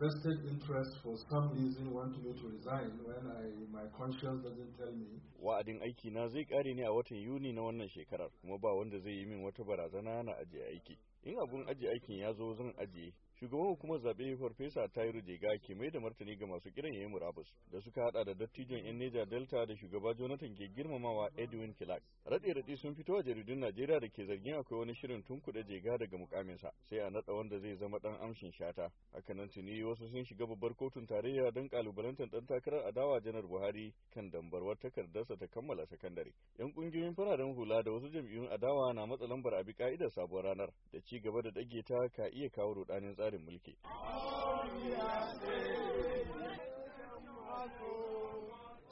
vested interest for some reason want me to resign when I, my conscience doesn't tell me. Wa'adin aiki na zai kare ne a watan Yuni na wannan shekarar, kuma ba wanda zai yi min wata barazana na ajiye aiki. in abun ajiye aikin ya zo zan ajiye shugaban hukumar zaɓe farfesa tayiru jega ke mai da martani ga masu kiran yayin murabus da suka hada da dattijon yan neja delta da shugaba jonathan ke girmamawa edwin kilak raɗe raɗe sun fito a jaridun najeriya da ke zargin akwai wani shirin tunkuɗe jega daga mukaminsa sai a naɗa wanda zai zama dan amshin shata haka nan tuni wasu sun shiga babbar kotun tarayya don kalubalantar dan takarar adawa janar buhari kan dambarwar takardarsa ta kammala sakandare yan kungiyoyin fararen hula da wasu jam'iyyun adawa na matsa lambar abi ka'idar sabuwar ranar da ci gaba da dage ta ka iya kawo rudanin tsarin mulki.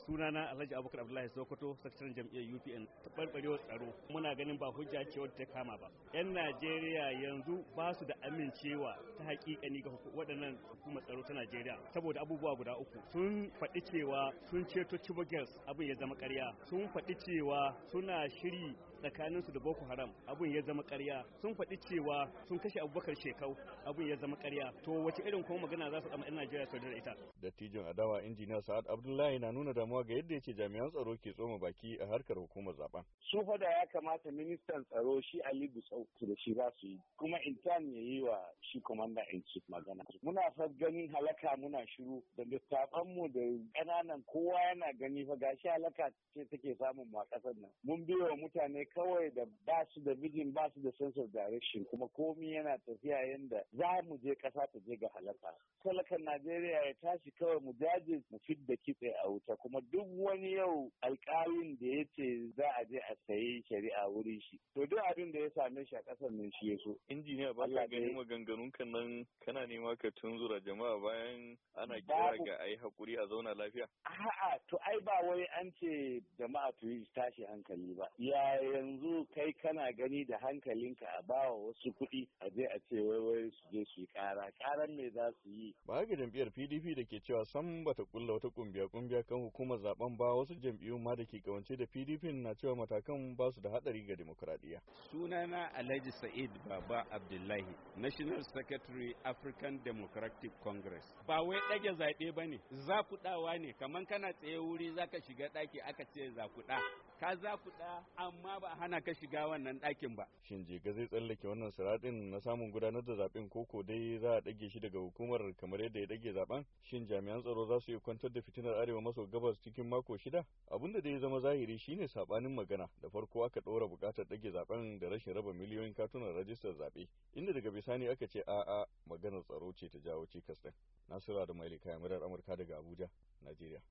sunana alhaji abubakar abdullahi sokoto sakataren jam'iyyar upn taɓarɓarewar tsaro muna ganin ba hujja ce wadda ta kama ba yan najeriya yanzu ba su da amincewa ta hakikani ga waɗannan hukumar tsaro ta najeriya saboda abubuwa guda uku sun faɗi cewa sun ceto cibagers abin ya zama ƙarya sun faɗi cewa suna shiri tsakaninsu da boko haram abun ya zama karya sun faɗi cewa sun kashe abubakar shekau abun ya zama karya to wace irin kuma magana za su kama 'yan najeriya su da ita tijin adawa injiniya sa'ad abdullahi na nuna damuwa ga yadda yake jami'an tsaro ke tsoma baki a harkar hukumar zaben su fa da ya kamata ministan tsaro shi ali busau da shi za su yi kuma intan ya yi wa shi komanda in chief magana muna fa ganin halaka muna shiru da littafanmu da ƙananan kowa yana gani fa gashi halaka ce take samun mu ƙasar nan mun biyo wa mutane kawai da ba su da mijin ba su da sense of direction kuma komi yana tafiya yanda za mu je kasa ta je ga halaka talakan najeriya ya tashi kawai mu jaje mu da kitse a wuta kuma duk wani yau alkalin da ya ce za a je a sayi shari'a wuri shi to duk abin da ya same shi a ƙasar nan shi ya so injiniya ba ka ganin maganganun kan nan kana nema ka tunzura jama'a bayan ana kira ga ayi hakuri a zauna lafiya a'a to ai ba wai an ce jama'a to yi tashi hankali ba ya yanzu kai kana gani da hankalinka a bawa wasu kuɗi a je a ce wai wai su je su yi ƙara ƙaran me za su yi. Ba ga jam'iyyar PDP da ke cewa san bata kulla wata kungiya kungiya kan hukumar zaben ba wasu jam'iyyun ma da ke kawance da PDP na cewa matakan ba su da hadari ga demokuraɗiyya. Sunana Alhaji Sa'id Baba Abdullahi, National Secretary African Democratic Congress. Ba wai ɗage zaɓe ba ne, zakuɗawa ne, kamar kana tsaye wuri zaka shiga ɗaki aka ce zakuɗa. Ka zakuɗa amma ba ba hana ka shiga wannan ɗakin ba. Shin jega zai tsallake wannan siratin na samun gudanar da zaben koko dai za a ɗage shi daga hukumar kamar yadda ya ɗage zaben? Shin jami'an tsaro za su iya kwantar da fitinar arewa maso gabas cikin mako shida? Abin da dai zama zahiri shine saɓanin magana da farko aka ɗora buƙatar ɗage zaɓen da rashin raba miliyoyin katunan rajistar zaɓe inda daga bisani aka ce a'a maganar tsaro ce ta jawo cikas ɗin. Nasiru da Maili kayan murar Amurka daga Abuja, Najeriya.